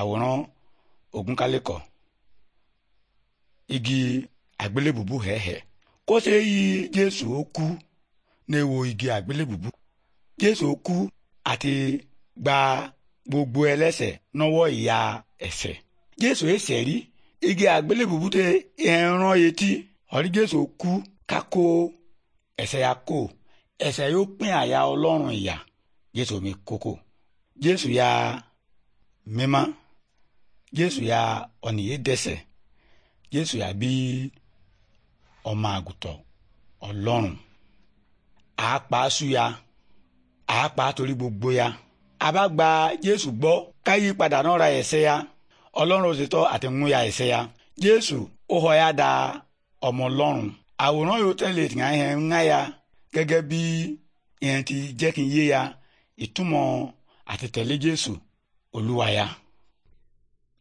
àwòrán ògúnkálékọ̀ igi àgbélébùbù hẹ̀hẹ̀ kó ṣe yí jésù ó kú ní ewo igi àgbélébùbù jésù ó kú àti gba gbogbo ẹlẹ́ṣẹ̀ nọ́wọ́ ìyà ẹ̀ṣẹ̀ jésù ẹ̀ṣẹ̀ rí igi àgbélébùbù tẹ ẹran etí ọ̀rí jésù ó kú kákó ẹ̀ṣẹ̀ ya kó ẹ̀ṣẹ̀ yóò pín àyà ọlọ́run ìyà jésù mi kókó jésù ya mímọ́. Yesu ya ɔne yɛdɛsɛ Yesu ya bí ọmọ àgùntàn Ọlọ́run àápa sú ya àápa torí gbogbo ya àbá gba Jésù gbọ́ padà náà ra ẹ̀ṣẹ̀ ya Ọlọ́run òṣìṣẹ́ àti ń ya ẹ̀ṣẹ̀ ya Jésù ó họ ya da ọmọ Ọlọ́run àwòrán yóò tẹ̀lé ìtìyàn yẹn ń ŋá ya gẹ́gẹ́ bí ìyẹn ti jẹ́ kí n yé ya ìtumọ̀ àti tẹ̀lé Jésù Olúwa ya.